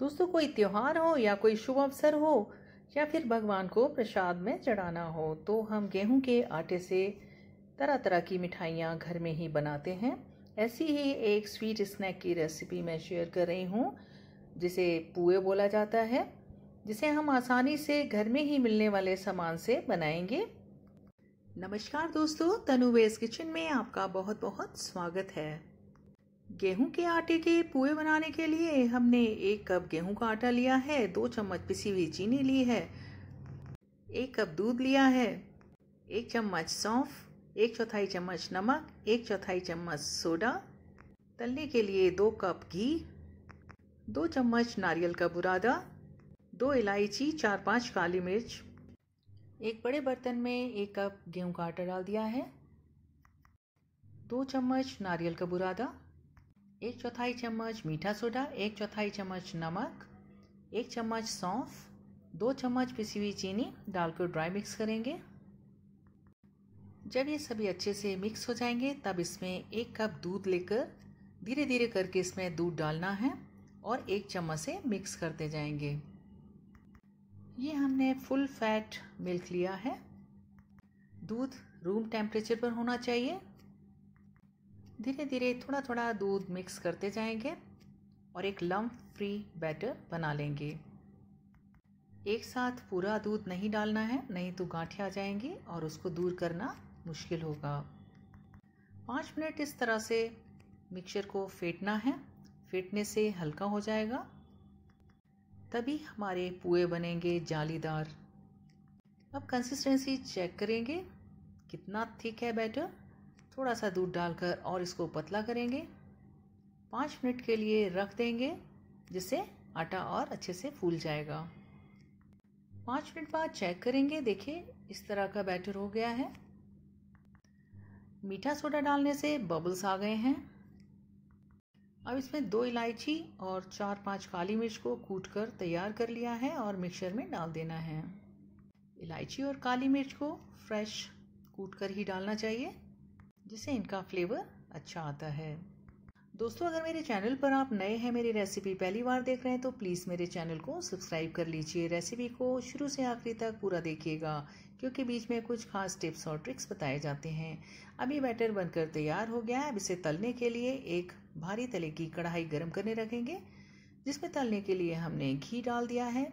दोस्तों कोई त्यौहार हो या कोई शुभ अवसर हो या फिर भगवान को प्रसाद में चढ़ाना हो तो हम गेहूं के आटे से तरह तरह की मिठाइयाँ घर में ही बनाते हैं ऐसी ही एक स्वीट स्नैक की रेसिपी मैं शेयर कर रही हूँ जिसे पुए बोला जाता है जिसे हम आसानी से घर में ही मिलने वाले सामान से बनाएंगे नमस्कार दोस्तों तनुवेज किचन में आपका बहुत बहुत स्वागत है गेहूं के आटे के पुए बनाने के लिए हमने एक कप गेहूं का आटा लिया है दो चम्मच पिसी हुई चीनी ली है एक कप दूध लिया है एक चम्मच सौंफ एक चौथाई चम्मच नमक एक चौथाई चम्मच सोडा तलने के लिए दो कप घी दो चम्मच नारियल का बुरादा दो इलायची चार पांच काली मिर्च एक बड़े बर्तन में एक कप गेहूं का आटा डाल दिया है दो चम्मच नारियल का बुरादा एक चौथाई चम्मच मीठा सोडा एक चौथाई चम्मच नमक एक चम्मच सौंफ दो चम्मच पिसी हुई चीनी डालकर ड्राई मिक्स करेंगे जब ये सभी अच्छे से मिक्स हो जाएंगे तब इसमें एक कप दूध लेकर धीरे धीरे करके इसमें दूध डालना है और एक चम्मच से मिक्स करते जाएंगे ये हमने फुल फैट मिल्क लिया है दूध रूम टेम्परेचर पर होना चाहिए धीरे धीरे थोड़ा थोड़ा दूध मिक्स करते जाएंगे और एक लम्प फ्री बैटर बना लेंगे एक साथ पूरा दूध नहीं डालना है नहीं तो गांठें आ जाएंगी और उसको दूर करना मुश्किल होगा पाँच मिनट इस तरह से मिक्सचर को फेंटना है फेंटने से हल्का हो जाएगा तभी हमारे पुए बनेंगे जालीदार अब कंसिस्टेंसी चेक करेंगे कितना थिक है बैटर थोड़ा सा दूध डालकर और इसको पतला करेंगे पाँच मिनट के लिए रख देंगे जिससे आटा और अच्छे से फूल जाएगा पाँच मिनट बाद चेक करेंगे देखिए इस तरह का बैटर हो गया है मीठा सोडा डालने से बबल्स आ गए हैं अब इसमें दो इलायची और चार पांच काली मिर्च को कूट कर तैयार कर लिया है और मिक्सर में डाल देना है इलायची और काली मिर्च को फ्रेश कूट कर ही डालना चाहिए जिससे इनका फ्लेवर अच्छा आता है दोस्तों अगर मेरे चैनल पर आप नए हैं मेरी रेसिपी पहली बार देख रहे हैं तो प्लीज़ मेरे चैनल को सब्सक्राइब कर लीजिए रेसिपी को शुरू से आखिरी तक पूरा देखिएगा क्योंकि बीच में कुछ खास टिप्स और ट्रिक्स बताए जाते हैं अभी बैटर बनकर तैयार हो गया है अब इसे तलने के लिए एक भारी तले की कढ़ाई गर्म करने रखेंगे जिसमें तलने के लिए हमने घी डाल दिया है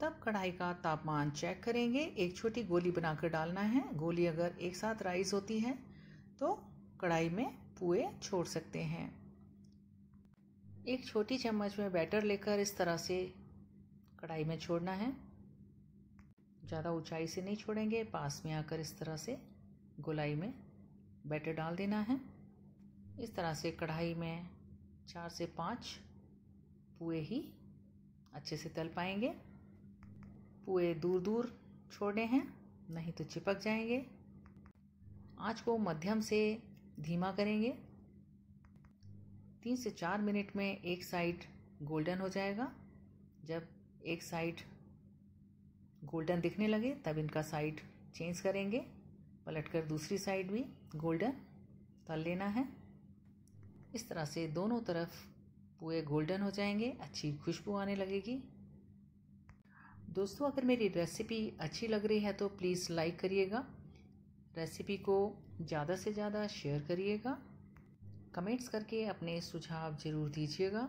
तब कढ़ाई का तापमान चेक करेंगे एक छोटी गोली बनाकर डालना है गोली अगर एक साथ राइस होती है तो कढ़ाई में पुए छोड़ सकते हैं एक छोटी चम्मच में बैटर लेकर इस तरह से कढ़ाई में छोड़ना है ज़्यादा ऊंचाई से नहीं छोड़ेंगे पास में आकर इस तरह से गोलाई में बैटर डाल देना है इस तरह से कढ़ाई में चार से पाँच पुए ही अच्छे से तल पाएंगे पुए दूर दूर छोड़े हैं नहीं तो चिपक जाएंगे आँच को मध्यम से धीमा करेंगे तीन से चार मिनट में एक साइड गोल्डन हो जाएगा जब एक साइड गोल्डन दिखने लगे तब इनका साइड चेंज करेंगे पलट कर दूसरी साइड भी गोल्डन तल लेना है इस तरह से दोनों तरफ पूरे गोल्डन हो जाएंगे अच्छी खुशबू आने लगेगी दोस्तों अगर मेरी रेसिपी अच्छी लग रही है तो प्लीज़ लाइक करिएगा रेसिपी को ज़्यादा से ज़्यादा शेयर करिएगा कमेंट्स करके अपने सुझाव ज़रूर दीजिएगा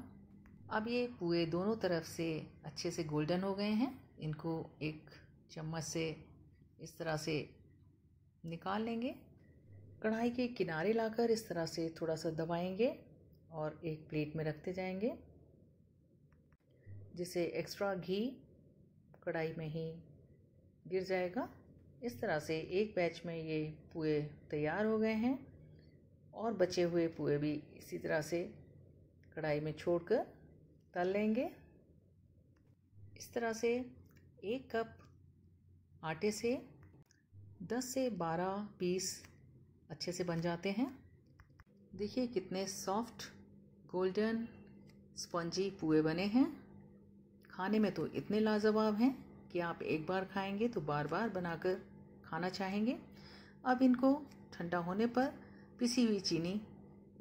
अब ये पूए दोनों तरफ से अच्छे से गोल्डन हो गए हैं इनको एक चम्मच से इस तरह से निकाल लेंगे कढ़ाई के किनारे लाकर इस तरह से थोड़ा सा दबाएंगे और एक प्लेट में रखते जाएंगे जिससे एक्स्ट्रा घी कढ़ाई में ही गिर जाएगा इस तरह से एक बैच में ये पुए तैयार हो गए हैं और बचे हुए पुए भी इसी तरह से कढ़ाई में छोड़कर तल लेंगे इस तरह से एक कप आटे से 10 से 12 पीस अच्छे से बन जाते हैं देखिए कितने सॉफ्ट गोल्डन स्पंजी पुए बने हैं खाने में तो इतने लाजवाब हैं कि आप एक बार खाएंगे तो बार बार बनाकर खाना चाहेंगे अब इनको ठंडा होने पर पिसी हुई चीनी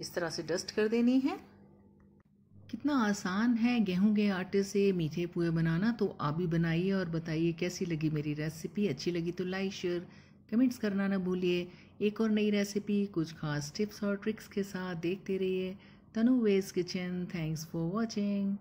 इस तरह से डस्ट कर देनी है कितना आसान है गेहूं के आटे से मीठे पुए बनाना तो आप भी बनाइए और बताइए कैसी लगी मेरी रेसिपी अच्छी लगी तो लाइक शेयर कमेंट्स करना ना भूलिए एक और नई रेसिपी कुछ खास टिप्स और ट्रिक्स के साथ देखते रहिए Tanu veg kitchen thanks for watching